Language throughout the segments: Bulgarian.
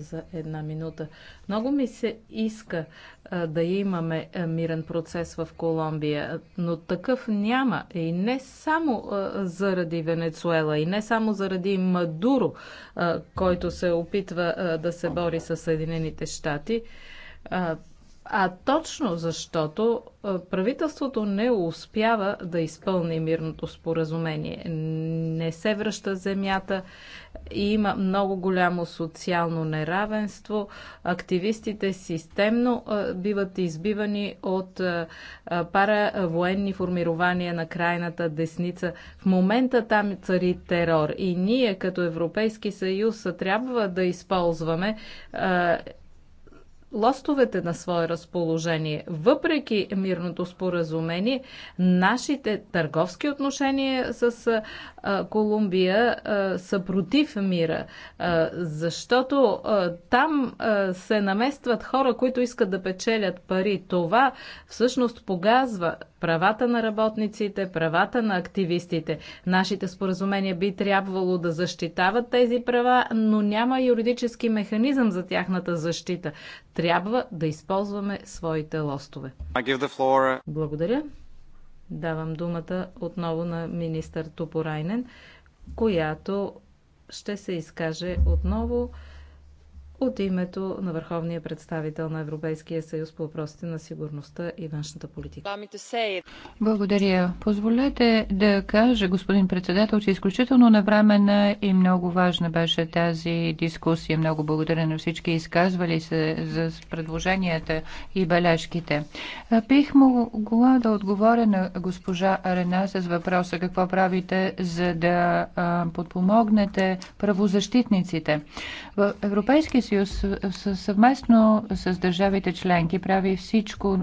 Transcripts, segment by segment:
за една минута. Много ми се иска а, да имаме а, мирен процес в Колумбия, но такъв няма. И не само а, заради Венецуела, и не само заради Мадуро, а, който се опитва а, да се бори с Съединените щати. А, а точно защото правителството не успява да изпълни мирното споразумение. Не се връща земята и има много голямо социално неравенство. Активистите системно биват избивани от паравоенни формирования на крайната десница. В момента там цари терор и ние като Европейски съюз трябва да използваме лостовете на свое разположение. Въпреки мирното споразумение, нашите търговски отношения с а, Колумбия а, са против мира, а, защото а, там а, се наместват хора, които искат да печелят пари. Това всъщност погазва правата на работниците, правата на активистите. Нашите споразумения би трябвало да защитават тези права, но няма юридически механизъм за тяхната защита. Трябва да използваме своите лостове. Благодаря. Давам думата отново на министър Топорайнен, която ще се изкаже отново от името на Върховния представител на Европейския съюз по въпросите на сигурността и външната политика. Благодаря. Позволете да кажа, господин председател, че изключително навременна и много важна беше тази дискусия. Много благодаря на всички изказвали се за предложенията и бележките. Бих могла да отговоря на госпожа Арена с въпроса какво правите, за да подпомогнете правозащитниците. В Европейския съюз съвместно с държавите членки прави всичко,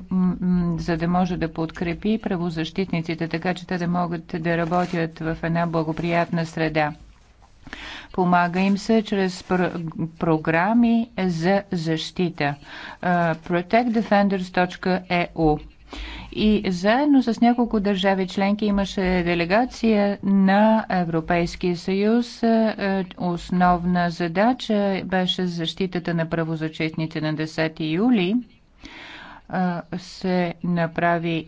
за да може да подкрепи правозащитниците, така че те да могат да работят в една благоприятна среда. Помага им се чрез пр- програми за защита. Uh, protectdefenders.eu и заедно с няколко държави членки имаше делегация на Европейския съюз. Е, е, основна задача беше защитата на правозачетните на 10 юли е, се направи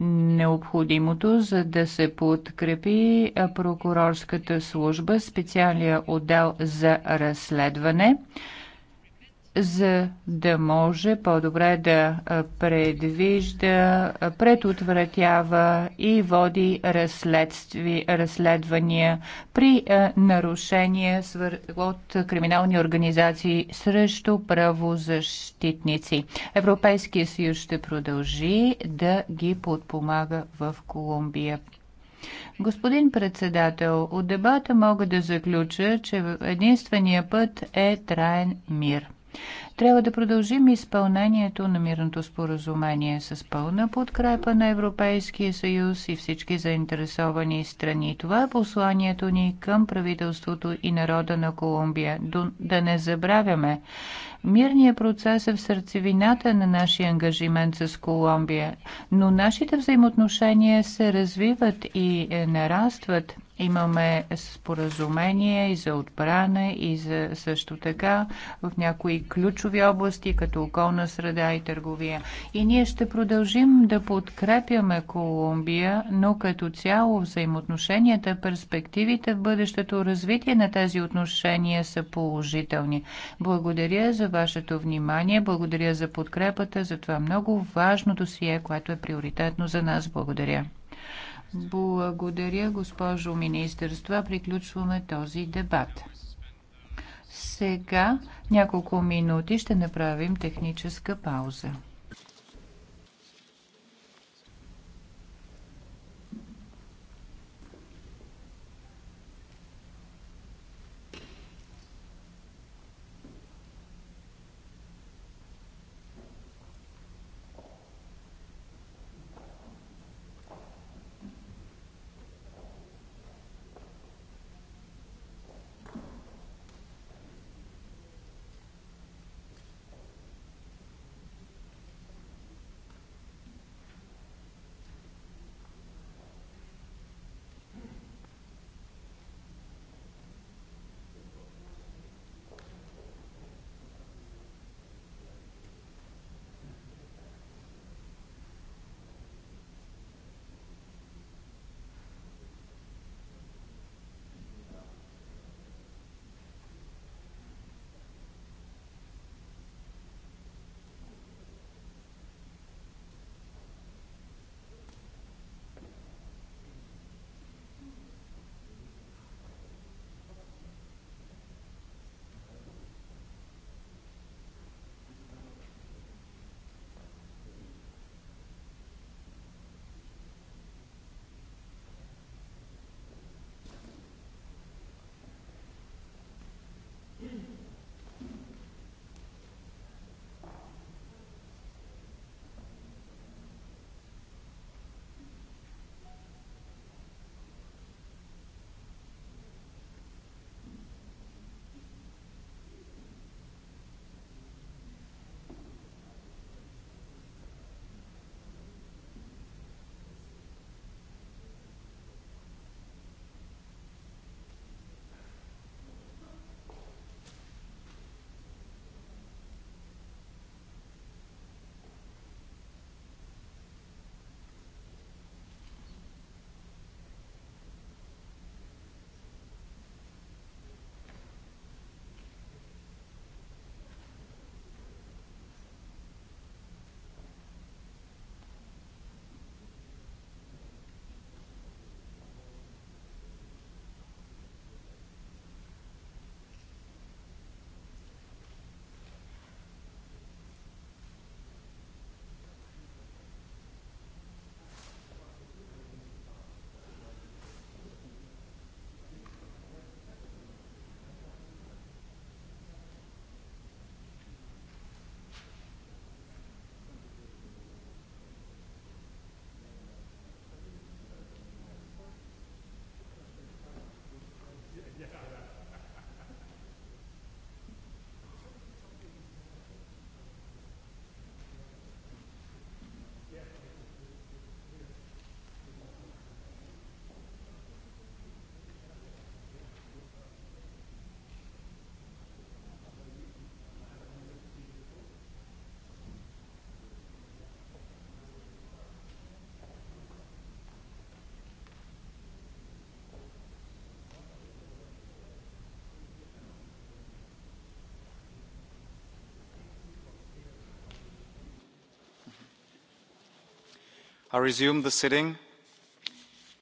необходимото, за да се подкрепи прокурорската служба, специалния отдел за разследване за да може по-добре да предвижда, предотвратява и води разследвания при нарушения от криминални организации срещу правозащитници. Европейския съюз ще продължи да ги подпомага в Колумбия. Господин председател, от дебата мога да заключа, че единствения път е траен мир. Трябва да продължим изпълнението на мирното споразумение с пълна подкрепа на Европейския съюз и всички заинтересовани страни. Това е посланието ни към правителството и народа на Колумбия. Да не забравяме, Мирният процес е в сърцевината на нашия ангажимент с Колумбия, но нашите взаимоотношения се развиват и е, нарастват. Имаме споразумение и за отбрана, и за също така в някои ключови области, като околна среда и търговия. И ние ще продължим да подкрепяме Колумбия, но като цяло взаимоотношенията, перспективите в бъдещето развитие на тези отношения са положителни. Благодаря за вашето внимание. Благодаря за подкрепата, за това много важно досие, което е приоритетно за нас. Благодаря. Благодаря, госпожо министър. С това приключваме този дебат. Сега няколко минути ще направим техническа пауза.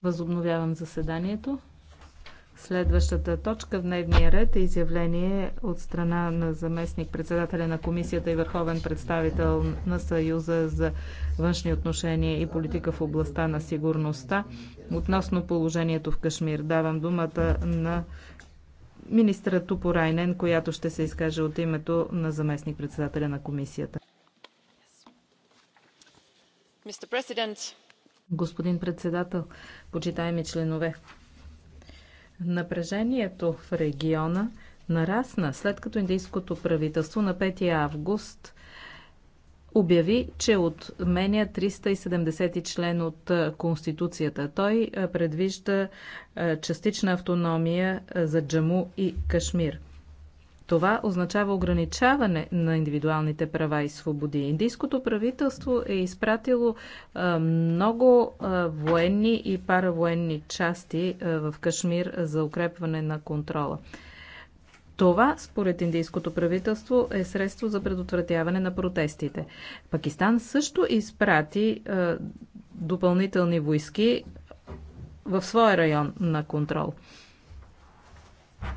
Възобновявам заседанието. Следващата точка в дневния ред е изявление от страна на заместник председателя на комисията и върховен представител на Съюза за външни отношения и политика в областта на сигурността относно положението в Кашмир. Давам думата на министра Тупорайнен, която ще се изкаже от името на заместник председателя на комисията. Господин председател, почитаеми членове, напрежението в региона нарасна след като индийското правителство на 5 август обяви, че отменя 370 член от Конституцията. Той предвижда частична автономия за Джаму и Кашмир. Това означава ограничаване на индивидуалните права и свободи. Индийското правителство е изпратило много военни и паравоенни части в Кашмир за укрепване на контрола. Това, според индийското правителство, е средство за предотвратяване на протестите. Пакистан също изпрати допълнителни войски в своя район на контрол.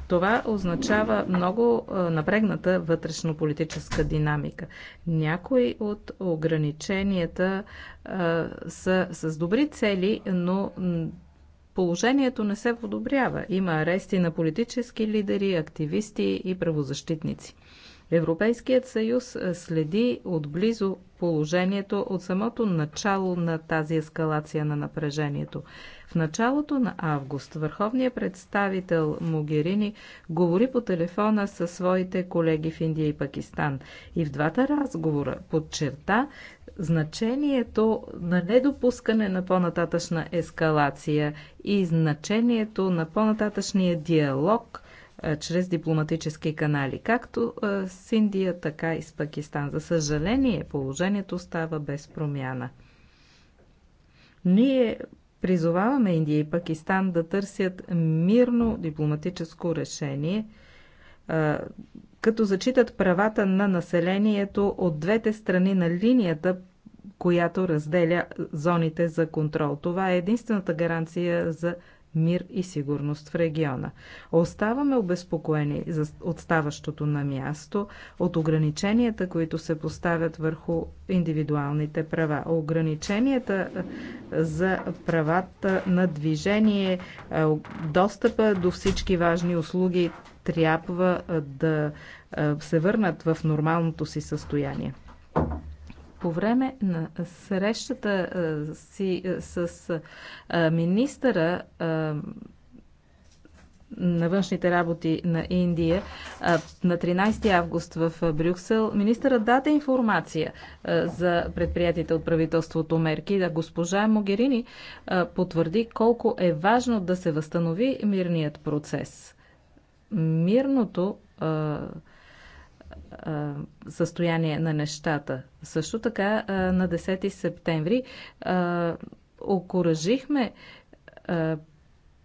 Това означава много напрегната вътрешно-политическа динамика. Някои от ограниченията а, са с добри цели, но положението не се подобрява. Има арести на политически лидери, активисти и правозащитници. Европейският съюз следи отблизо положението от самото начало на тази ескалация на напрежението. В началото на август върховният представител Могерини говори по телефона със своите колеги в Индия и Пакистан и в двата разговора подчерта значението на недопускане на по-нататъчна ескалация и значението на по-нататъчния диалог – чрез дипломатически канали, както с Индия, така и с Пакистан. За съжаление, положението става без промяна. Ние Призоваваме Индия и Пакистан да търсят мирно дипломатическо решение, като зачитат правата на населението от двете страни на линията, която разделя зоните за контрол. Това е единствената гаранция за мир и сигурност в региона. Оставаме обезпокоени за отставащото на място от ограниченията, които се поставят върху индивидуалните права. Ограниченията е, за правата на движение, е, достъпа до всички важни услуги трябва е, да се върнат в нормалното си състояние. По време на срещата си с министъра на външните работи на Индия на 13 август в Брюксел. Министърът даде информация за предприятите от правителството мерки. Да, госпожа Могерини потвърди колко е важно да се възстанови мирният процес. Мирното състояние на нещата. Също така на 10 септември окоръжихме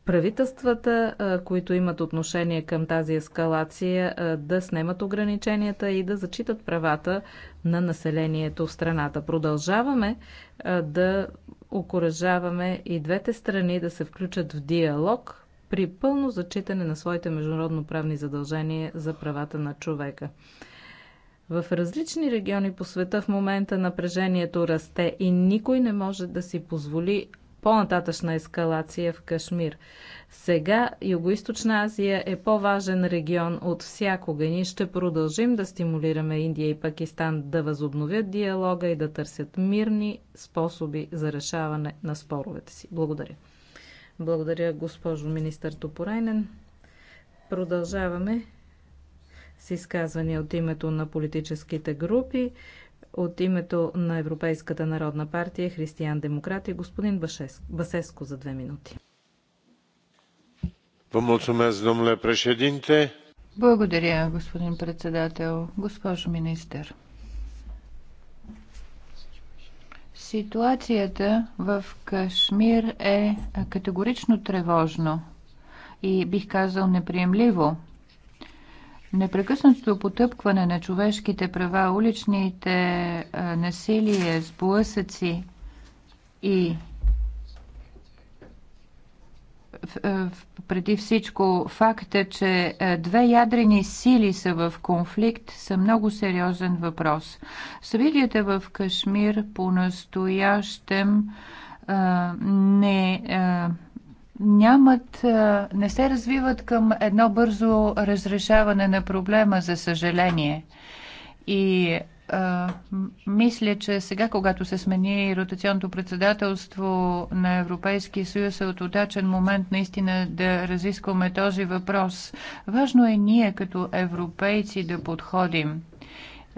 правителствата, които имат отношение към тази ескалация, да снемат ограниченията и да зачитат правата на населението в страната. Продължаваме да окоръжаваме и двете страни да се включат в диалог при пълно зачитане на своите международно правни задължения за правата на човека. В различни региони по света в момента напрежението расте и никой не може да си позволи по-нататъчна ескалация в Кашмир. Сега Юго-Источна Азия е по-важен регион от всякога. Ние ще продължим да стимулираме Индия и Пакистан да възобновят диалога и да търсят мирни способи за решаване на споровете си. Благодаря. Благодаря, госпожо министър Топорайнен. Продължаваме с изказвания от името на политическите групи. От името на Европейската народна партия Християн Демократ и господин Басеско, Басеско за две минути. Благодаря, господин председател, госпожо министър. Ситуацията в Кашмир е категорично тревожно и бих казал неприемливо Непрекъснатото потъпкване на човешките права, уличните насилие, сблъсъци и преди всичко факта, че две ядрени сили са в конфликт, са много сериозен въпрос. Събитията в Кашмир по-настоящем не нямат, не се развиват към едно бързо разрешаване на проблема, за съжаление. И а, мисля, че сега, когато се смени ротационното председателство на Европейския съюз, е от удачен момент наистина да разискваме този въпрос. Важно е ние като европейци да подходим.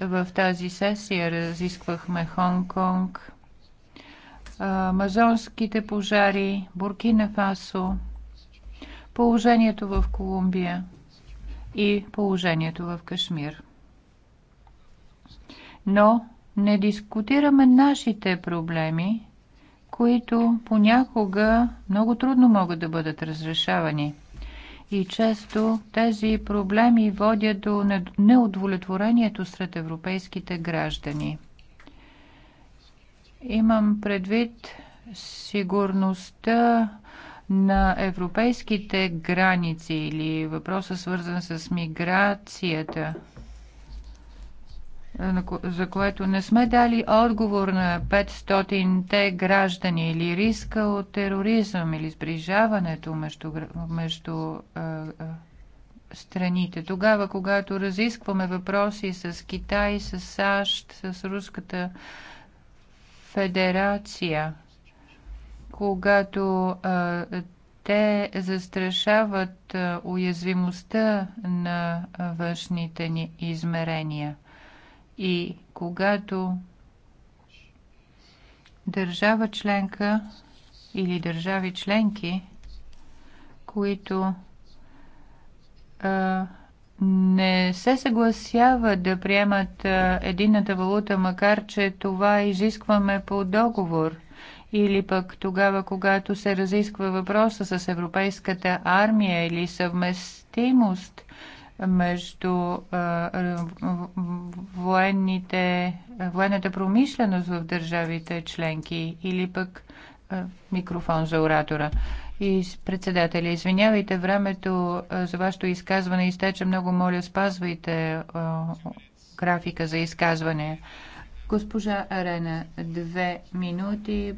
В тази сесия разисквахме Хонг-Конг, амазонските пожари, Буркина Фасо, положението в Колумбия и положението в Кашмир. Но не дискутираме нашите проблеми, които понякога много трудно могат да бъдат разрешавани. И често тези проблеми водят до неудовлетворението сред европейските граждани – Имам предвид сигурността на европейските граници или въпроса свързан с миграцията, за което не сме дали отговор на 500-те граждани или риска от тероризъм или сближаването между, между страните. Тогава, когато разискваме въпроси с Китай, с САЩ, с Руската федерация, когато а, те застрашават а, уязвимостта на външните ни измерения и когато държава членка или държави членки, които а, не се съгласяват да приемат единната валута, макар че това изискваме по договор или пък тогава, когато се разисква въпроса с Европейската армия или съвместимост между военните, военната промишленост в държавите членки или пък микрофон за оратора. И председателя, извинявайте, времето за вашето изказване изтече. Много моля, спазвайте графика за изказване. Госпожа Арена, две минути,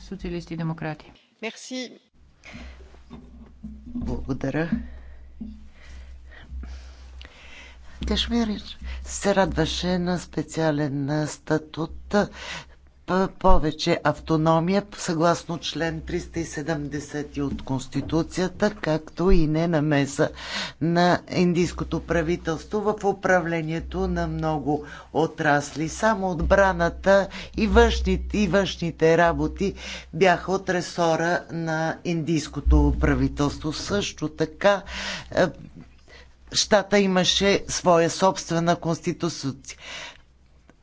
социалисти и демократи. Мерси. Благодаря. Кашмир се радваше на специален статут повече автономия съгласно член 370 от Конституцията, както и не намеса на индийското правителство в управлението на много отрасли. Само отбраната и външните, и външните работи бяха от ресора на индийското правителство. Също така е, щата имаше своя собствена конституция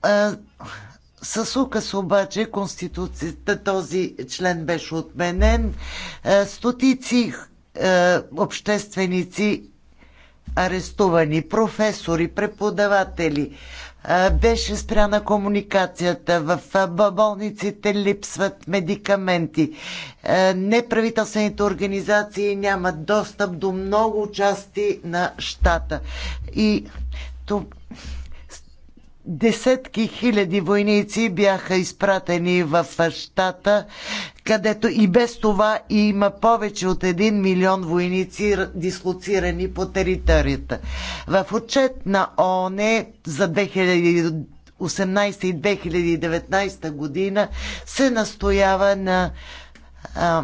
е, с указ обаче Конституцията този член беше отменен. Е, стотици е, общественици арестувани, професори, преподаватели, е, беше спряна комуникацията, в болниците липсват медикаменти, неправителствените организации нямат достъп до много части на щата. И десетки хиляди войници бяха изпратени в щата, където и без това има повече от 1 милион войници дислоцирани по територията. В отчет на ООН за 2018 и 2019 година се настоява на а,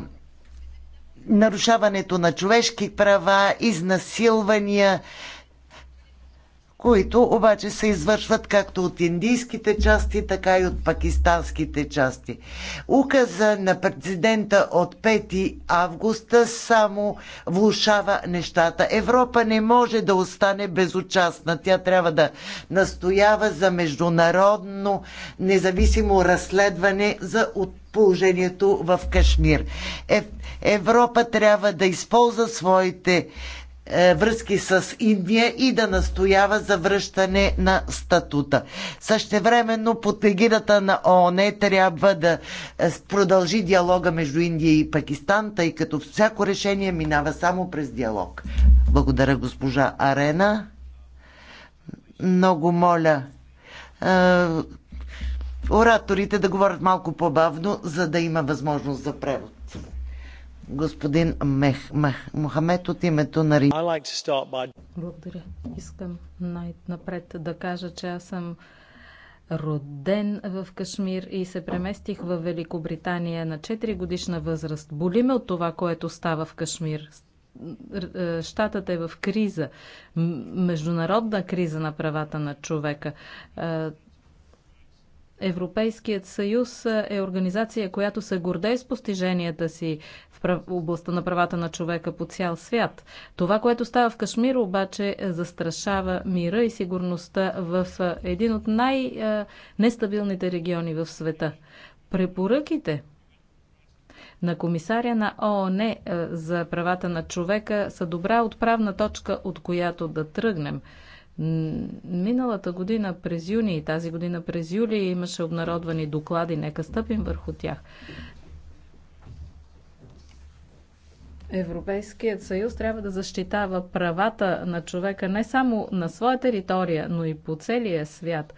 нарушаването на човешки права, изнасилвания, които обаче се извършват както от индийските части, така и от пакистанските части. Указа на президента от 5 августа само влушава нещата. Европа не може да остане безучастна. Тя трябва да настоява за международно независимо разследване за положението в Кашмир. Е, Европа трябва да използва своите е, връзки с Индия и да настоява за връщане на статута. Същевременно под егидата на ООН трябва да е, продължи диалога между Индия и Пакистан, тъй като всяко решение минава само през диалог. Благодаря госпожа Арена. Много моля е, ораторите да говорят малко по-бавно, за да има възможност за превод господин Мех, Мех, Мохамед от името на Рим. Благодаря. Искам най-напред да кажа, че аз съм роден в Кашмир и се преместих в Великобритания на 4 годишна възраст. Болиме от това, което става в Кашмир. Штатът е, е в криза, международна криза на правата на човека. Е, Европейският съюз е организация, която се гордее с постиженията си в областта на правата на човека по цял свят. Това, което става в Кашмир, обаче е, застрашава мира и сигурността в е, един от най-нестабилните е, региони в света. Препоръките на комисаря на ООН за правата на човека са добра отправна точка, от която да тръгнем. Миналата година през юни и тази година през юли имаше обнародвани доклади. Нека стъпим върху тях. Европейският съюз трябва да защитава правата на човека не само на своя територия, но и по целия свят.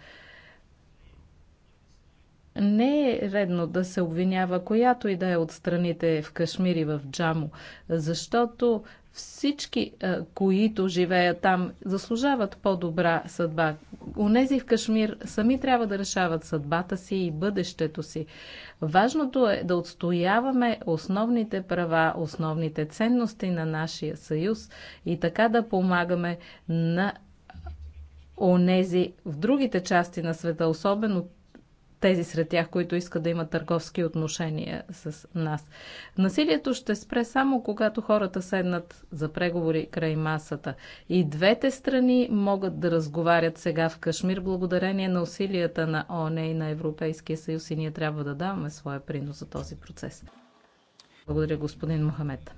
Не е редно да се обвинява която и да е от страните в Кашмир и в Джамо, защото всички, които живеят там, заслужават по-добра съдба. Унези в Кашмир сами трябва да решават съдбата си и бъдещето си. Важното е да отстояваме основните права, основните ценности на нашия съюз и така да помагаме на онези в другите части на света, особено тези сред тях, които искат да имат търговски отношения с нас. Насилието ще спре само когато хората седнат за преговори край масата. И двете страни могат да разговарят сега в Кашмир благодарение на усилията на ООН и на Европейския съюз и ние трябва да даваме своя принос за този процес. Благодаря, господин Мохамед.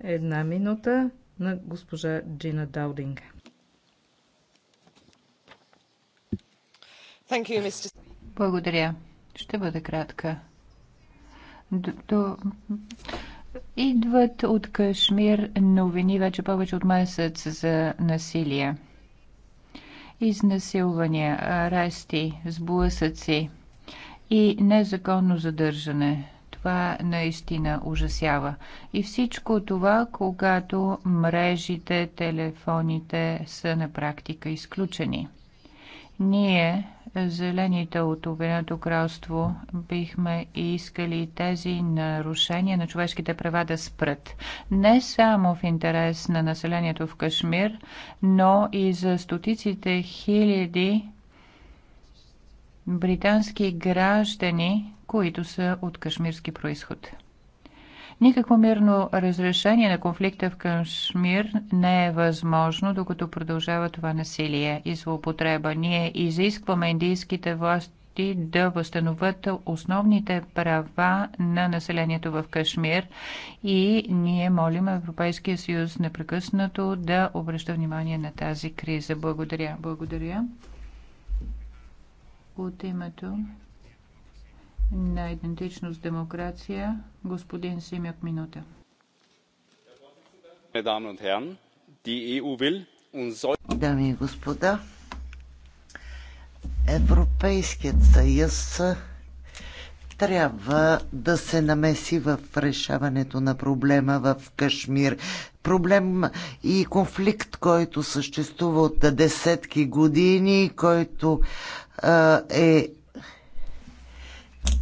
Една минута на госпожа Джина Даудинг. Благодаря. Ще бъда кратка. до... Идват от Кашмир новини вече повече от месец за насилие. Изнасилвания, арести, сблъсъци и незаконно задържане. Това наистина ужасява. И всичко това, когато мрежите, телефоните са на практика изключени. Ние зелените от Обединеното кралство бихме искали тези нарушения на човешките права да спрат. Не само в интерес на населението в Кашмир, но и за стотиците хиляди британски граждани, които са от кашмирски происход. Никакво мирно разрешение на конфликта в Кашмир не е възможно, докато продължава това насилие и злоупотреба. Ние изискваме индийските власти да възстановят основните права на населението в Кашмир и ние молим Европейския съюз непрекъснато да обръща внимание на тази криза. Благодаря. Благодаря. От името на идентичност демокрация, господин Симяк Минута. E Дами и господа, Европейският съюз трябва да се намеси в решаването на проблема в Кашмир. Проблем и конфликт, който съществува от десетки години, който е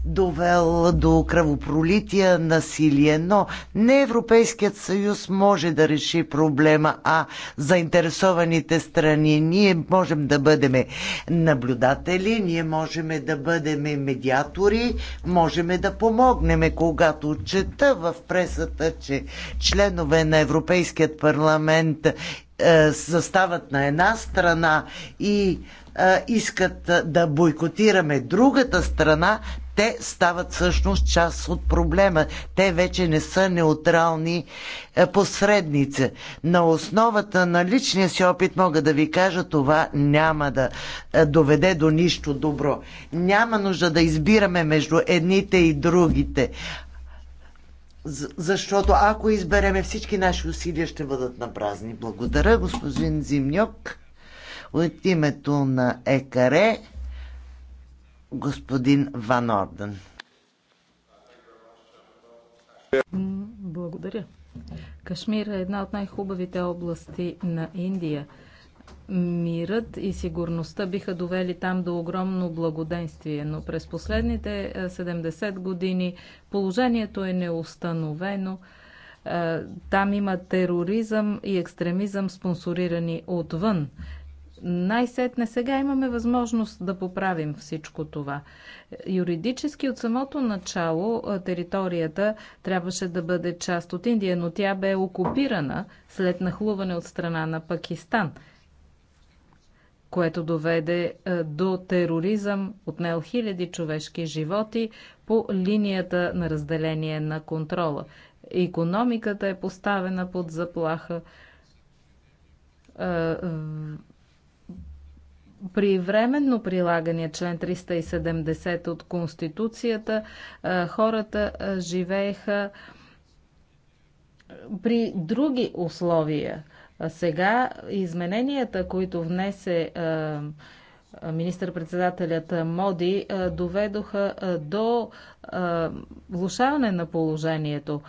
довел до кръвопролития, насилие. Но не Европейският съюз може да реши проблема, а заинтересованите страни. Ние можем да бъдем наблюдатели, ние можем да бъдем медиатори, можем да помогнем, когато чета в пресата, че членове на Европейският парламент е, застават на една страна и е, искат да бойкотираме другата страна, те стават всъщност част от проблема. Те вече не са неутрални е, посредници. На основата на личния си опит мога да ви кажа, това няма да е, доведе до нищо добро. Няма нужда да избираме между едните и другите. Защото ако избереме всички наши усилия, ще бъдат на празни. Благодаря, господин Зимньок. От името на ЕКАРЕ господин Ван Орден. Благодаря. Кашмир е една от най-хубавите области на Индия. Мирът и сигурността биха довели там до огромно благоденствие, но през последните 70 е, години положението е неустановено. Е, там има тероризъм и екстремизъм, спонсорирани отвън най-сетне сега имаме възможност да поправим всичко това. Юридически от самото начало територията трябваше да бъде част от Индия, но тя бе окупирана след нахлуване от страна на Пакистан което доведе до тероризъм, отнел хиляди човешки животи по линията на разделение на контрола. Економиката е поставена под заплаха при временно прилагане член 370 от Конституцията хората живееха при други условия. Сега измененията, които внесе министър-председателят Моди доведоха до влушаване на положението.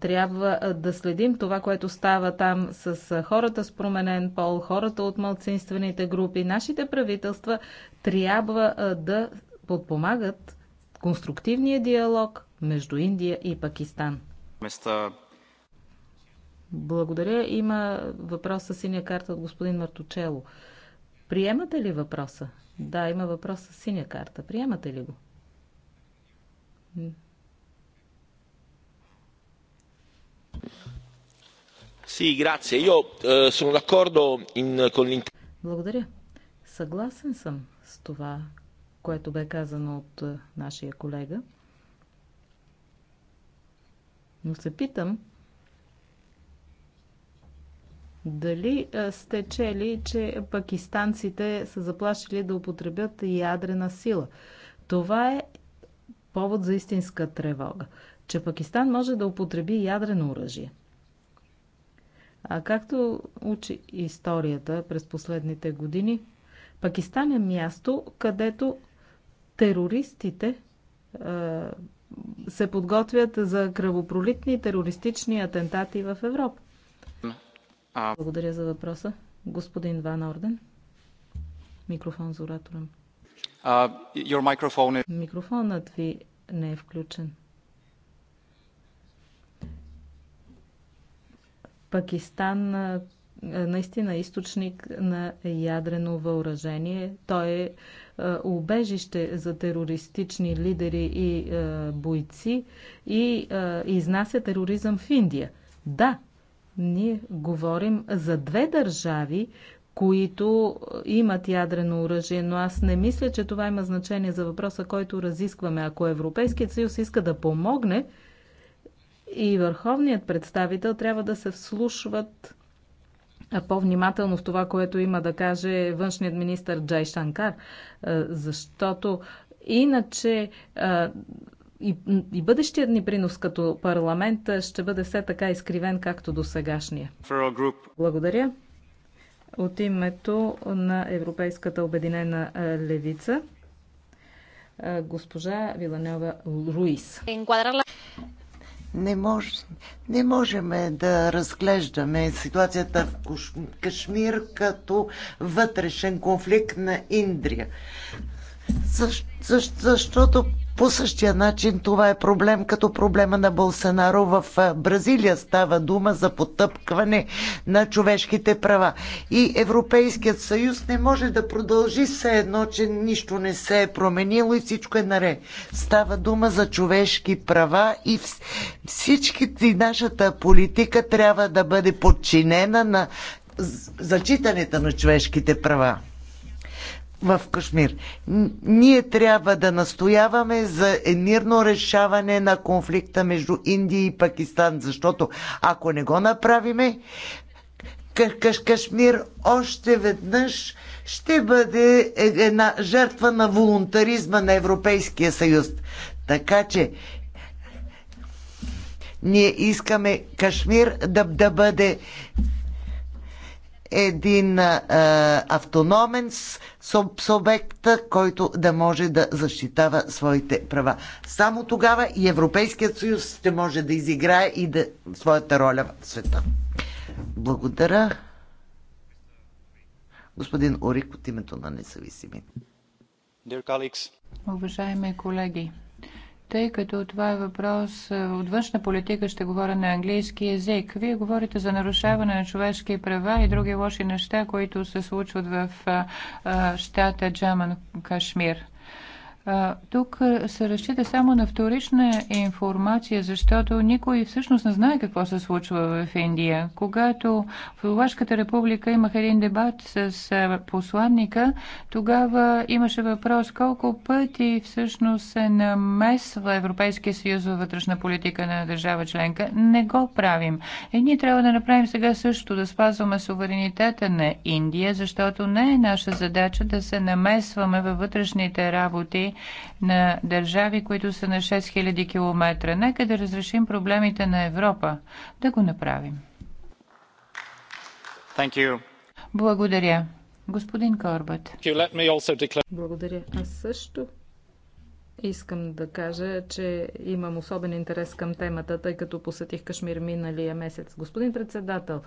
Трябва да следим това, което става там с хората с променен пол, хората от малцинствените групи. Нашите правителства трябва да подпомагат конструктивния диалог между Индия и Пакистан. Места... Благодаря. Има въпрос с синия карта от господин Мартучело. Приемате ли въпроса? Да, има въпрос с синя карта. Приемате ли го? Си, грация. Йо, съм sono d'accordo in, con Благодаря. Съгласен съм с това, което бе казано от е, нашия колега. Но се питам, дали сте чели, че пакистанците са заплашили да употребят ядрена сила? Това е повод за истинска тревога, че Пакистан може да употреби ядрено оръжие. А както учи историята през последните години, Пакистан е място, където терористите е, се подготвят за кръвопролитни терористични атентати в Европа. А... Благодаря за въпроса. Господин Ван Орден. Микрофон за оратора. Uh, is... Микрофонът ви не е включен. Пакистан наистина източник на ядрено въоръжение. Той е убежище за терористични лидери и бойци и изнася тероризъм в Индия. Да, ние говорим за две държави, които имат ядрено оръжие, но аз не мисля, че това има значение за въпроса, който разискваме. Ако Европейският съюз иска да помогне, и върховният представител трябва да се вслушват по-внимателно в това, което има да каже външният министр Джай Шанкар, защото иначе и, и бъдещият ни принос като парламент ще бъде все така изкривен, както до сегашния. Благодаря. От името на Европейската обединена левица, госпожа Виланева Руис. Не, мож, не можем да разглеждаме ситуацията в Кашмир като вътрешен конфликт на Индрия. Защо, защо, защото по същия начин това е проблем като проблема на Болсенаро в Бразилия. Става дума за потъпкване на човешките права. И Европейският съюз не може да продължи все едно, че нищо не се е променило и всичко е наред. Става дума за човешки права и всички нашата политика трябва да бъде подчинена на зачитането на човешките права в Кашмир. Ние трябва да настояваме за мирно решаване на конфликта между Индия и Пакистан, защото ако не го направиме, Кашмир още веднъж ще бъде е-, една жертва на волонтаризма на Европейския съюз. Така че ние искаме Кашмир да, да бъде един а, автономен субект, който да може да защитава своите права. Само тогава и Европейският съюз ще може да изиграе и да своята роля в света. Благодаря. Господин Орик от името на независими. Уважаеми колеги, тъй като това е въпрос е, от външна политика, ще говоря на английски язик. Вие говорите за нарушаване на човешки права и други лоши неща, които се случват в е, е, щата Джаман Кашмир тук се разчита само на вторична информация, защото никой всъщност не знае какво се случва в Индия. Когато в Лувашката република имах един дебат с посланника, тогава имаше въпрос колко пъти всъщност се намесва Европейския съюз във вътрешна политика на държава членка. Не го правим. И ние трябва да направим сега също, да спазваме суверенитета на Индия, защото не е наша задача да се намесваме във вътрешните работи на държави, които са на 6000 км. Нека да разрешим проблемите на Европа. Да го направим. Thank you. Благодаря. Господин Корбът. Благодаря. Аз също Искам да кажа, че имам особен интерес към темата, тъй като посетих Кашмир миналия месец. Господин председател,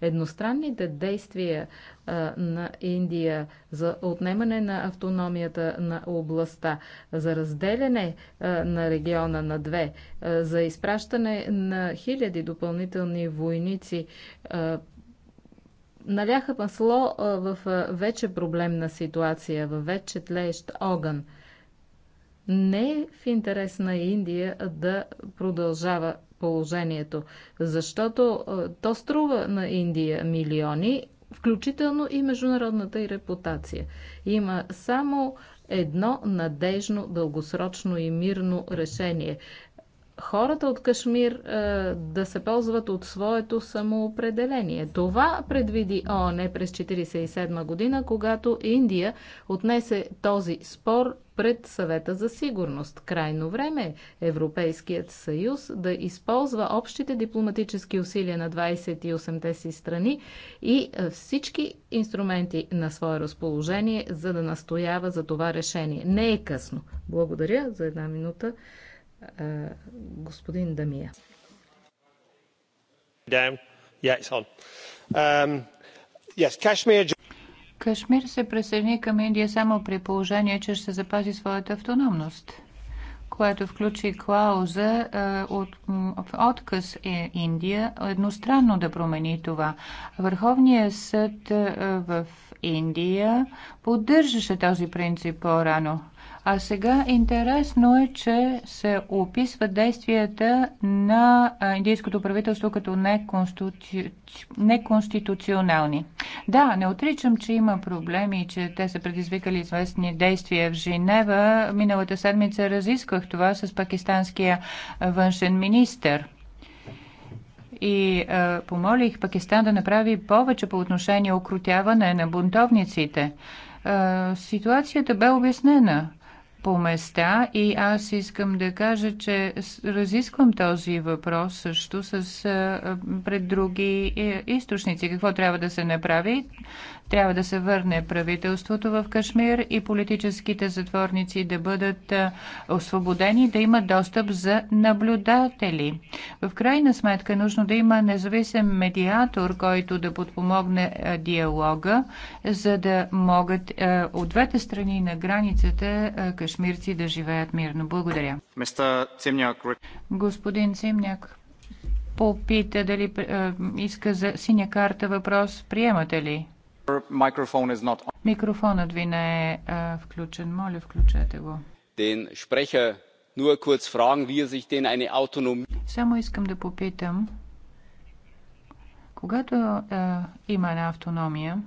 едностранните действия а, на Индия за отнемане на автономията на областта, за разделяне а, на региона на две, а, за изпращане на хиляди допълнителни войници, наляха масло в вече проблемна ситуация, в вече тлеещ огън – не е в интерес на Индия да продължава положението, защото е, то струва на Индия милиони, включително и международната и репутация. Има само едно надежно, дългосрочно и мирно решение хората от Кашмир е, да се ползват от своето самоопределение. Това предвиди ООН е през 1947 година, когато Индия отнесе този спор пред съвета за сигурност. Крайно време е Европейският съюз да използва общите дипломатически усилия на 28-те си страни и всички инструменти на свое разположение, за да настоява за това решение. Не е късно. Благодаря за една минута. Е, господин Дамия. Um, Кашмир се присъедини към Индия само при положение, че ще запази своята автономност, което включи клауза е, от отказ е Индия едностранно да промени това. Върховният съд е, в Индия поддържаше този принцип по-рано. А сега интересно е, че се описва действията на индийското правителство като неконститу... неконституционални. Да, не отричам, че има проблеми и че те са предизвикали известни действия в Женева. Миналата седмица разисквах това с пакистанския външен министр и е, помолих Пакистан да направи повече по отношение окрутяване на бунтовниците. Е, ситуацията бе обяснена по места и аз искам да кажа, че разисквам този въпрос също с, пред други е, източници. Какво трябва да се направи? Трябва да се върне правителството в Кашмир и политическите затворници да бъдат освободени, да имат достъп за наблюдатели. В крайна сметка нужно да има независим медиатор, който да подпомогне диалога, за да могат от двете страни на границата кашмирци да живеят мирно. Благодаря. Господин Цимняк, попита дали иска за синя карта въпрос. Приемате ли? Микрофонът ви не е а, включен. Моля, включете го. Само искам да попитам, когато а, има една автономия,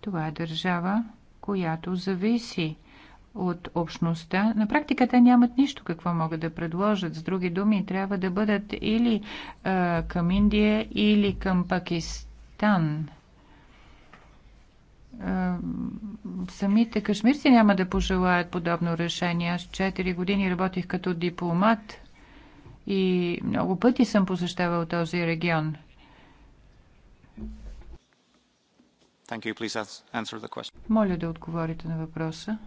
това е държава, която зависи от общността, на практика те нямат нищо какво могат да предложат. С други думи, трябва да бъдат или а, към Индия, или към Пакистан самите кашмирци няма да пожелаят подобно решение. Аз 4 години работих като дипломат и много пъти съм посещавал този регион. Моля да отговорите на въпроса.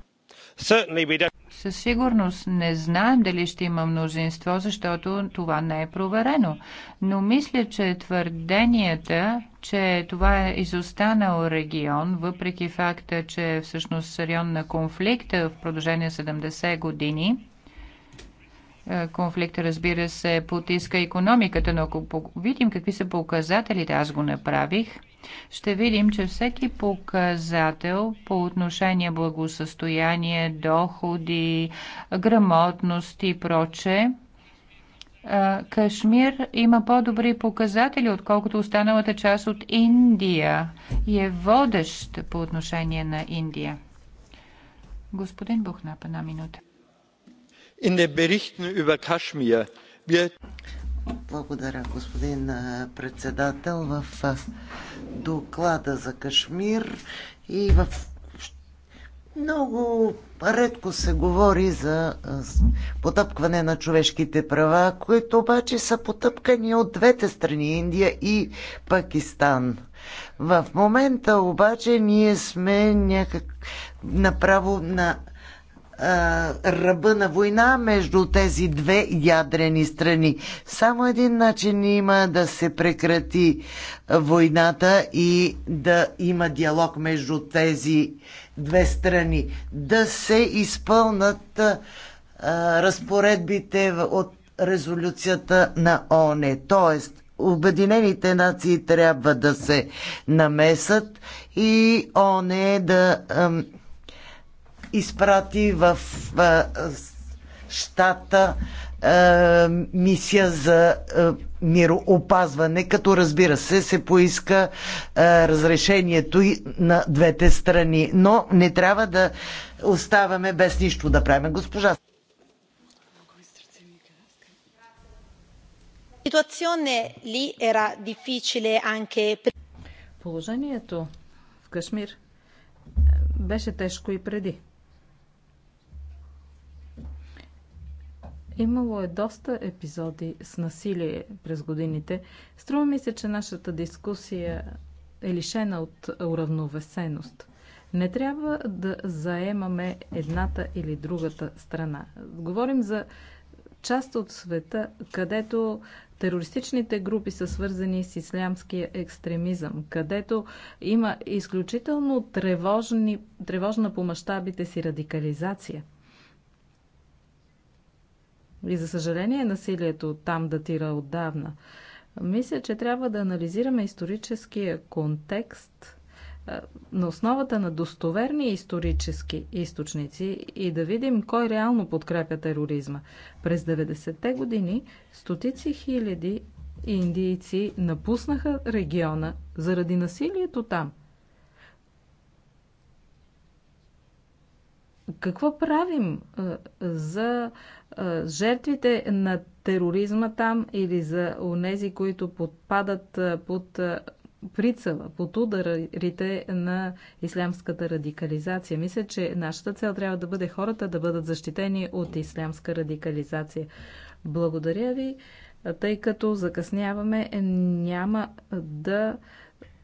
Със сигурност не знаем дали ще има мнозинство, защото това не е проверено. Но мисля, че твърденията, че това е изостанал регион, въпреки факта, че е всъщност район на конфликта в продължение 70 години, е, конфликт, разбира се, потиска економиката, но ако видим какви са показателите, аз го направих – ще видим, че всеки показател по отношение благосъстояние, доходи, грамотност и проче, Кашмир има по-добри показатели, отколкото останалата част от Индия и е водещ по отношение на Индия. Господин Бухнап, една минута. In den Berichten über wird благодаря, господин председател. В доклада за Кашмир и в много редко се говори за потъпкване на човешките права, които обаче са потъпкани от двете страни Индия и Пакистан. В момента обаче ние сме някак направо на ръба на война между тези две ядрени страни. Само един начин има да се прекрати войната и да има диалог между тези две страни. Да се изпълнат а, разпоредбите от резолюцията на ОНЕ. Тоест, Обединените нации трябва да се намесат и ОНЕ да изпрати в щата мисия за мироопазване, като разбира се, се поиска разрешението и на двете страни. Но не трябва да оставаме без нищо да правим. Госпожа. Положението в Кашмир беше тежко и преди. Имало е доста епизоди с насилие през годините. Струва ми се, че нашата дискусия е лишена от уравновесеност. Не трябва да заемаме едната или другата страна. Говорим за част от света, където терористичните групи са свързани с ислямския екстремизъм, където има изключително тревожни, тревожна по мащабите си радикализация – и за съжаление насилието там датира отдавна. Мисля, че трябва да анализираме историческия контекст на основата на достоверни исторически източници и да видим кой реално подкрепя тероризма. През 90-те години стотици хиляди индийци напуснаха региона заради насилието там. Какво правим за жертвите на тероризма там или за онези, които подпадат под прицела, под ударите на ислямската радикализация. Мисля, че нашата цел трябва да бъде хората да бъдат защитени от ислямска радикализация. Благодаря ви, тъй като закъсняваме, няма да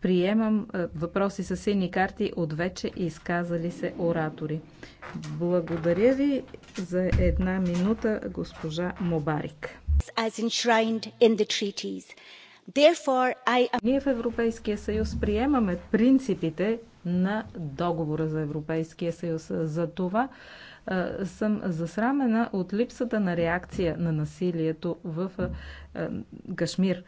приемам е, въпроси с сини карти от вече изказали се оратори. Благодаря ви за една минута, госпожа Мобарик. Ние в Европейския съюз приемаме принципите на договора за Европейския съюз. За това е, съм засрамена от липсата на реакция на насилието в е, Кашмир.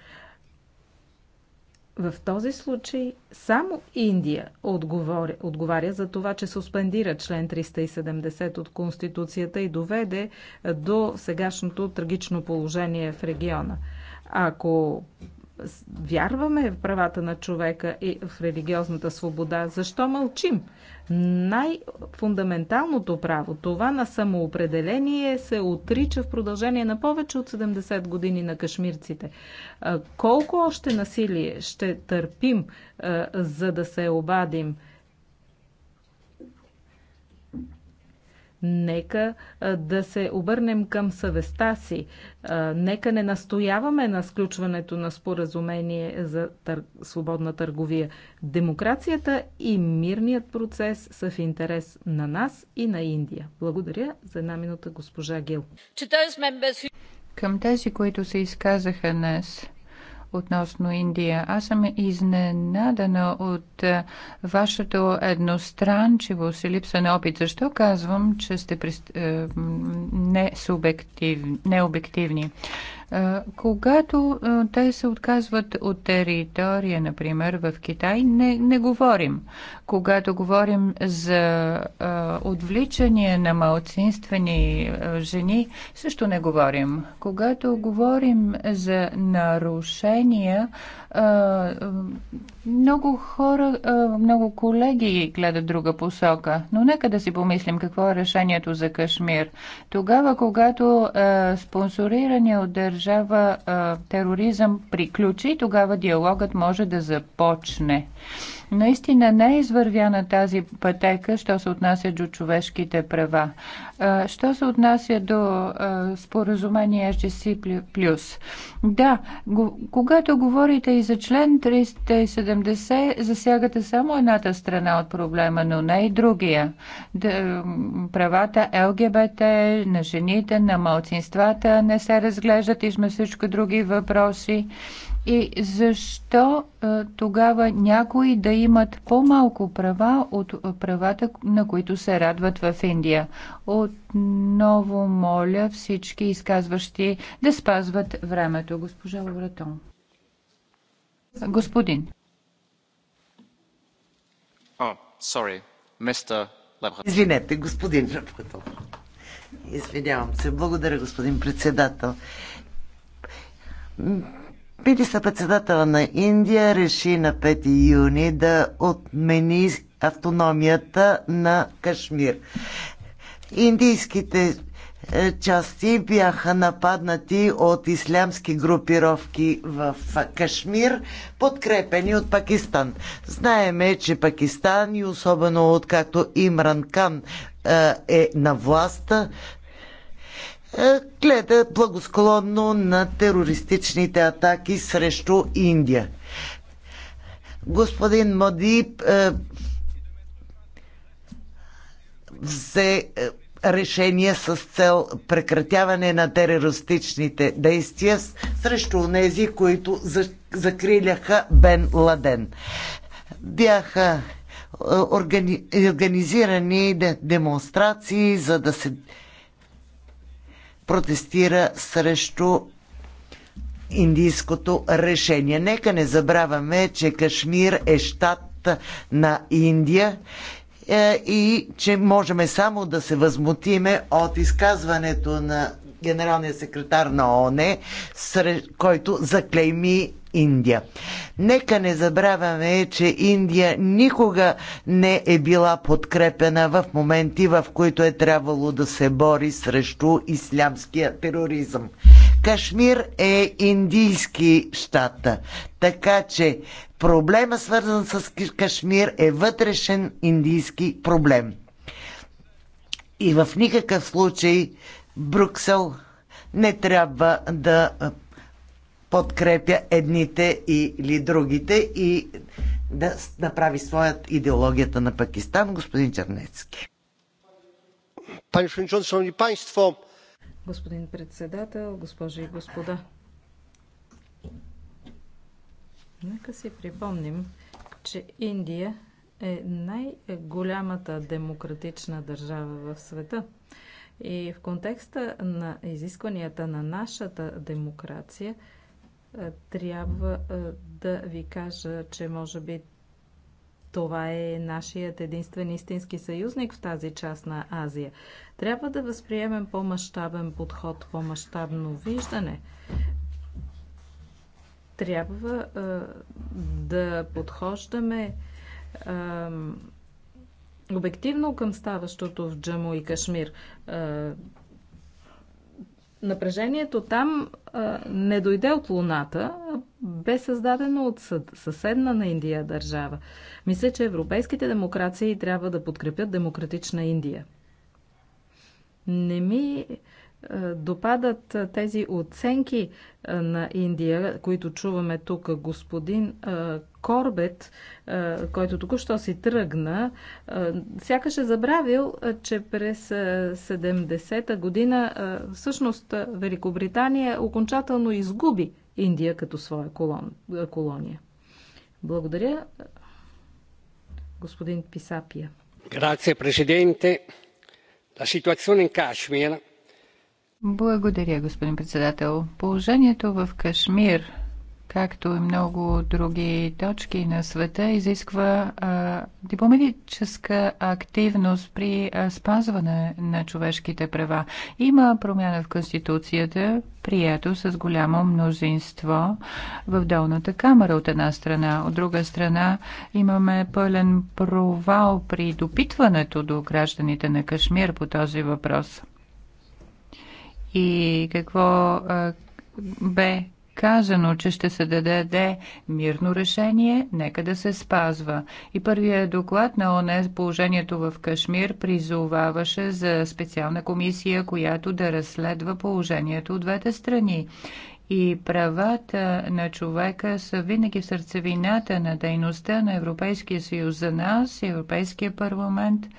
В този случай само Индия отговаря, отговаря за това, че суспендира член 370 от Конституцията и доведе до сегашното трагично положение в региона. Ако вярваме в правата на човека и в религиозната свобода, защо мълчим? Най-фундаменталното право, това на самоопределение, се отрича в продължение на повече от 70 години на кашмирците. Колко още насилие ще търпим, за да се обадим? Нека да се обърнем към съвестта си. Нека не настояваме на сключването на споразумение за тър... свободна търговия. Демокрацията и мирният процес са в интерес на нас и на Индия. Благодаря за една минута, госпожа Гил. Към тези, които се изказаха днес, относно Индия. Аз съм изненадана от е, вашето едностранчивост и липса на опит. Защо казвам, че сте е, не, субектив... не обективни? Когато те се отказват от територия, например, в Китай, не, не говорим. Когато говорим за а, отвличане на малцинствени жени, също не говорим. Когато говорим за нарушения много хора, много колеги гледат друга посока, но нека да си помислим какво е решението за Кашмир. Тогава, когато спонсорирания от държава тероризъм приключи, тогава диалогът може да започне. Наистина не е извървяна тази пътека, що се отнася до човешките права. Що се отнася до споразумение HGC+. Да, когато говорите и за член 370, засягате само едната страна от проблема, но не и другия. Правата ЛГБТ, на жените, на малцинствата не се разглеждат и сме всичко други въпроси. И защо е, тогава някои да имат по-малко права от е, правата, на които се радват в Индия? Отново моля всички изказващи да спазват времето. Госпожа Лавратон. Господин. Oh, sorry. мистер Лавратон. Извинете, господин Лавратон. Извинявам се. Благодаря, господин председател Министър-председател на Индия реши на 5 юни да отмени автономията на Кашмир. Индийските е, части бяха нападнати от ислямски групировки в Кашмир, подкрепени от Пакистан. Знаеме, че Пакистан и особено откакто Имран Кан е, е на власт, е, гледа благосклонно на терористичните атаки срещу Индия. Господин Модиб е, взе е, решение с цел прекратяване на терористичните действия срещу тези, които закриляха Бен Ладен. Бяха организирани демонстрации, за да се протестира срещу индийското решение. Нека не забравяме, че Кашмир е щат на Индия е, и че можем само да се възмутиме от изказването на генералния секретар на ОНЕ, който заклейми Индия. Нека не забравяме, че Индия никога не е била подкрепена в моменти, в които е трябвало да се бори срещу ислямския тероризъм. Кашмир е индийски щат, така че проблема свързан с Кашмир е вътрешен индийски проблем. И в никакъв случай Брюксел не трябва да подкрепя едните или другите и да направи своят идеологията на Пакистан, господин Чернецки. Господин председател, госпожи и господа. Нека си припомним, че Индия е най-голямата демократична държава в света. И в контекста на изискванията на нашата демокрация – е, трябва е, да ви кажа, че може би това е нашият единствен истински съюзник в тази част на Азия. Трябва да възприемем по-масштабен подход, по-масштабно виждане. Трябва е, да подхождаме обективно към ставащото в Джаму и Кашмир напрежението там а, не дойде от Луната, а бе създадено от съд, съседна на Индия държава. Мисля, че европейските демокрации трябва да подкрепят демократична Индия. Не ми е, допадат е, тези оценки е, на Индия, които чуваме тук. Господин Корбет, който току-що си тръгна, сякаш е забравил, че през 70-та година всъщност Великобритания окончателно изгуби Индия като своя колония. Благодаря, господин Писапия. Грация, президенте. La situazione in Kashmir благодаря, господин председател. Положението в Кашмир, както и много други точки на света, изисква а, дипломатическа активност при а, спазване на човешките права. Има промяна в Конституцията, прието с голямо мнозинство в долната камера от една страна. От друга страна имаме пълен провал при допитването до гражданите на Кашмир по този въпрос и какво бе казано, че ще се даде мирно решение, нека да се спазва. И първият доклад на ОНЕ положението в Кашмир призоваваше за специална комисия, която да разследва положението от двете страни. И правата на човека са винаги в сърцевината на дейността на Европейския съюз за нас, Европейския парламент –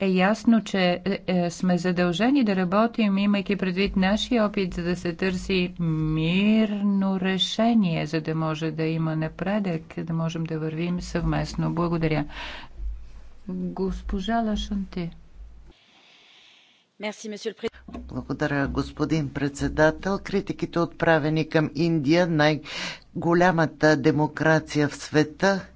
е ясно, че е, е, сме задължени да работим, имайки предвид нашия опит, за да се търси мирно решение, за да може да има напредък, да можем да вървим съвместно. Благодаря. Госпожа Лашанте. Благодаря, господин председател. Критиките отправени към Индия, най-голямата демокрация в света,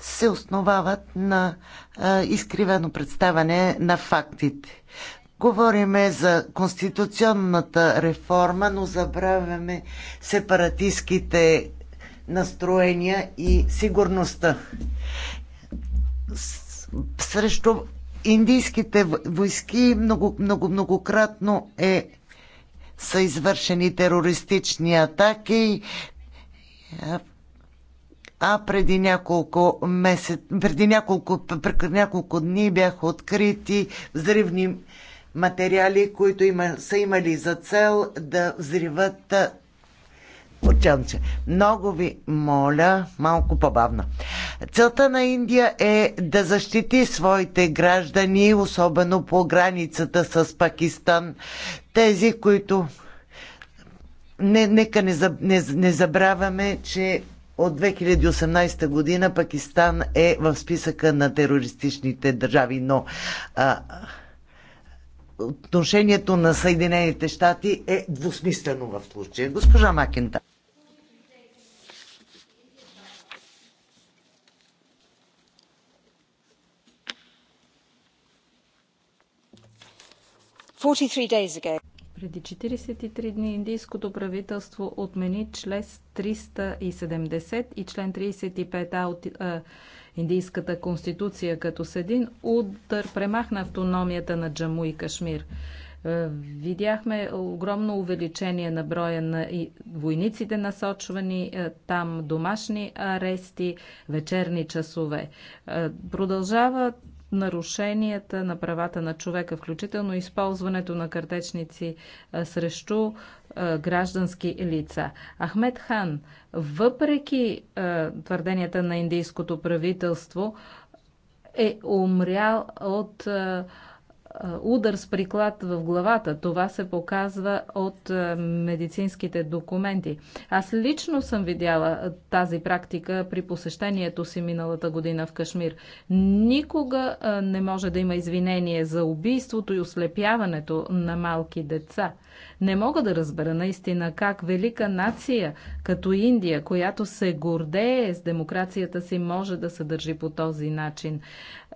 се основават на а, изкривено представяне на фактите. Говориме за конституционната реформа, но забравяме сепаратистските настроения и сигурността. Срещу индийските войски много, много, многократно е, са извършени терористични атаки а преди няколко, месец, преди няколко, преди няколко дни бяха открити взривни материали, които има, са имали за цел да взриват Порчанче. Много ви моля, малко по-бавно. Целта на Индия е да защити своите граждани, особено по границата с Пакистан. Тези, които не, нека не, не, не забравяме, че от 2018 година Пакистан е в списъка на терористичните държави, но а, отношението на Съединените щати е двусмислено в случая. Госпожа Макента. Forty-three days ago. Преди 43 дни индийското правителство отмени член 370 и член 35а от а, индийската конституция, като с един удар премахна автономията на Джаму и Кашмир. Е, видяхме огромно увеличение на броя на войниците насочвани е, там, домашни арести, вечерни часове. Е, Продължават нарушенията на правата на човека, включително използването на картечници срещу граждански лица. Ахмед Хан, въпреки твърденията на индийското правителство, е умрял от е, удар с приклад в главата. Това се показва от е, медицинските документи. Аз лично съм видяла е, тази практика при посещението си миналата година в Кашмир. Никога не може да има извинение за убийството и ослепяването на малки деца. Не мога да разбера наистина как велика нация като Индия, която се гордее с демокрацията си, може да се държи по този начин.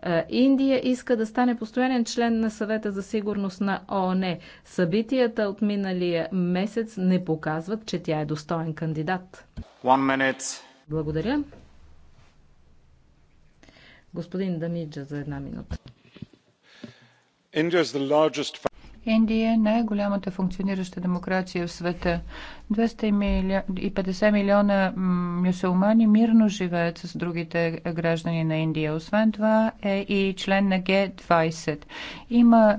Е, Индия иска да стане постоянен член на съвета за сигурност на ООН. Събитията от миналия месец не показват, че тя е достоен кандидат. Благодаря. Господин Дамиджа за една минута. Индия е най-голямата функционираща демокрация в света. 250 милиона мюсулмани мирно живеят с другите граждани на Индия. Освен това е и член на Г-20. Има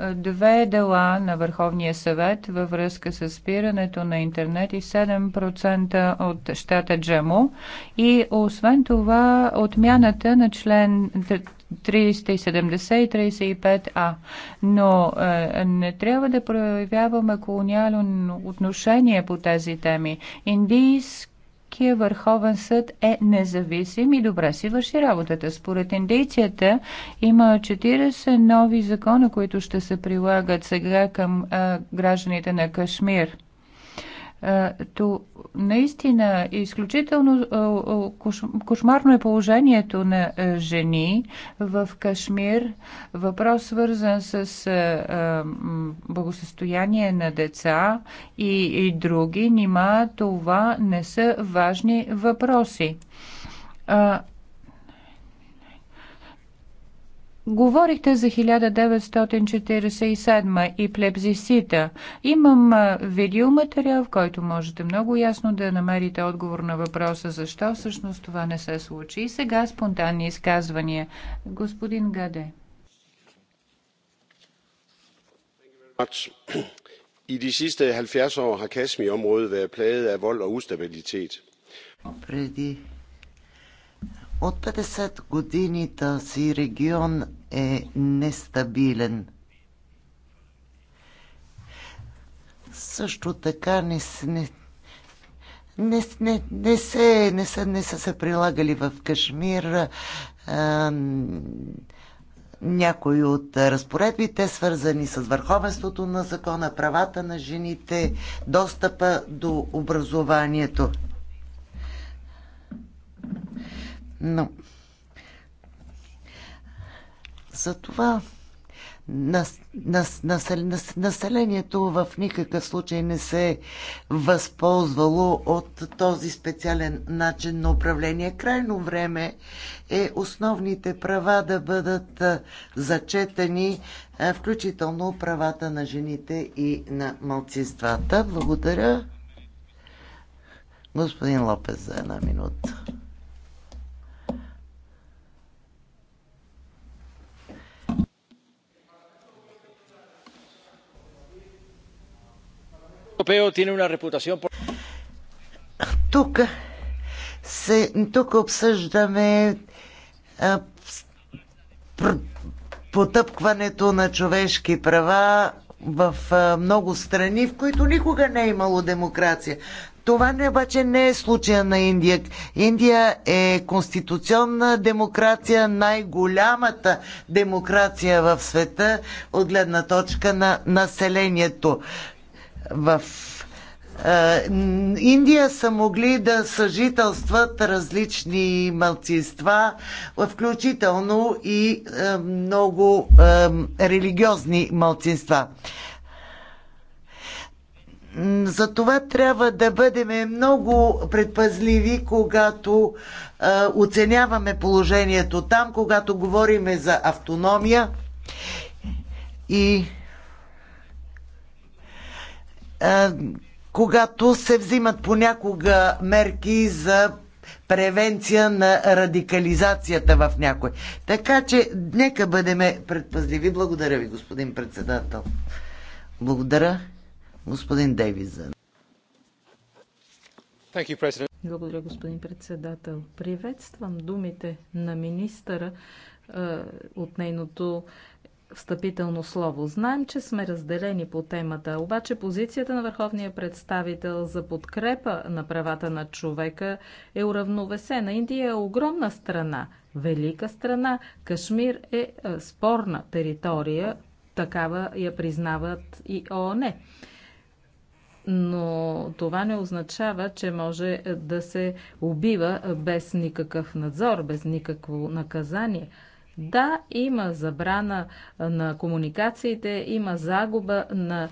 е, две дела на Върховния съвет във връзка с спирането на интернет и 7% от щата Джаму. И освен това отмяната на член 370 и 35А. Но е, не трябва да проявяваме колониално отношение по тези теми. Индийски върховен съд е независим и добре си върши работата. Според индийцията има 40 нови закона, които ще се прилагат сега към а, е, гражданите на Кашмир то наистина е изключително кошмарно е положението на жени в Кашмир. Въпрос свързан с благосъстояние на деца и, и други. Нима това не са важни въпроси. Говорихте за 1947 и плебзисита. Имам видеоматериал, в който можете много ясно да намерите отговор на въпроса защо всъщност това не се случи. И сега спонтанни изказвания. Господин Гаде. I de sidste 70 år har Kashmir-området været plaget af vold og ustabilitet. Преди от 50 години този регион е нестабилен. Също така не, не, не, не, не, се, не, са, не са се прилагали в Кашмир а, някои от разпоредбите, свързани с върховенството на закона, правата на жените, достъпа до образованието. Но за това нас, нас, нас, населението в никакъв случай не се е възползвало от този специален начин на управление. Крайно време е основните права да бъдат зачетени, включително правата на жените и на малцинствата. Благодаря. Господин Лопес за една минута. Тук, се, тук обсъждаме а, потъпкването на човешки права в а, много страни, в които никога не е имало демокрация. Това не, обаче не е случая на Индия. Индия е конституционна демокрация, най-голямата демокрация в света от гледна точка на населението в е, Индия са могли да съжителстват различни мълцинства, включително и е, много е, религиозни мълцинства. За това трябва да бъдем много предпазливи, когато оценяваме положението там, когато говориме за автономия и когато се взимат понякога мерки за превенция на радикализацията в някой. Така че, нека бъдеме предпазливи. Благодаря ви, господин председател. Благодаря, господин Дейвизън. благодаря, господин председател. Приветствам думите на министъра от нейното встъпително слово. Знаем, че сме разделени по темата, обаче позицията на върховния представител за подкрепа на правата на човека е уравновесена. Индия е огромна страна, велика страна. Кашмир е, е спорна територия, такава я признават и ООН. Но това не означава, че може да се убива без никакъв надзор, без никакво наказание. Да, има забрана на комуникациите, има загуба на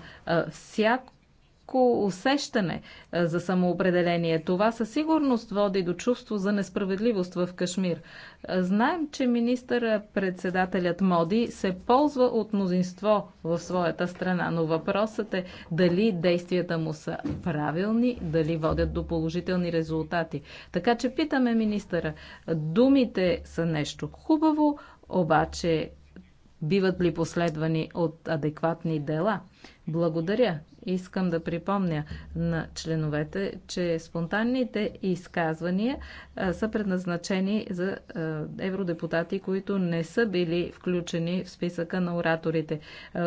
всяко усещане за самоопределение. Това със сигурност води до чувство за несправедливост в Кашмир. Знаем, че министър-председателят Моди се ползва от мнозинство в своята страна, но въпросът е дали действията му са правилни, дали водят до положителни резултати. Така че питаме министъра, думите са нещо хубаво, обаче биват ли последвани от адекватни дела? Благодаря искам да припомня на членовете, че спонтанните изказвания са предназначени за евродепутати, които не са били включени в списъка на ораторите.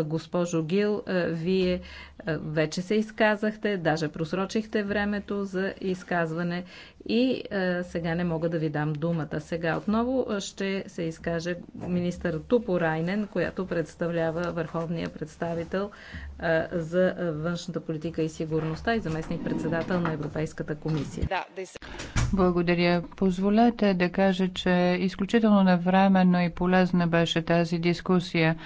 Госпожо Гил, вие вече се изказахте, даже просрочихте времето за изказване и сега не мога да ви дам думата. Сега отново ще се изкаже министър Тупорайнен, която представлява върховния представител за външните външната политика и сигурността и заместник председател на Европейската комисия. Благодаря. Позволете да кажа, че изключително навременно и полезна беше тази дискусия.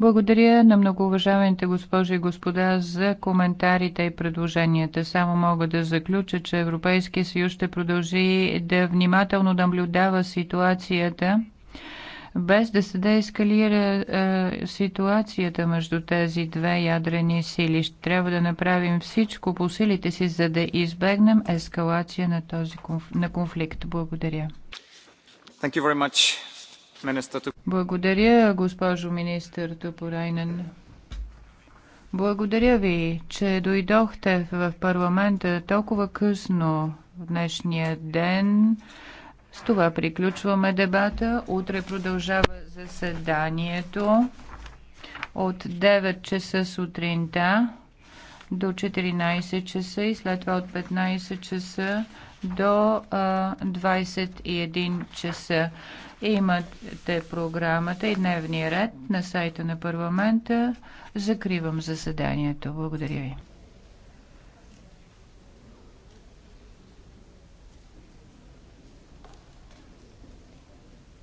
Благодаря на многоуважаваните госпожи и господа за коментарите и предложенията. Само мога да заключа, че Европейския съюз ще продължи да внимателно наблюдава ситуацията без да се деескалира е, ситуацията между тези две ядрени сили. Ще трябва да направим всичко по силите си, за да избегнем ескалация на този конф... на конфликт. Благодаря. Thank you very much, Благодаря, госпожо министър Топорайнен. Благодаря ви, че дойдохте в парламента толкова късно в днешния ден. С това приключваме дебата. Утре продължава заседанието от 9 часа сутринта до 14 часа и след това от 15 часа до 21 часа. Имате програмата и дневния ред на сайта на парламента. Закривам заседанието. Благодаря ви.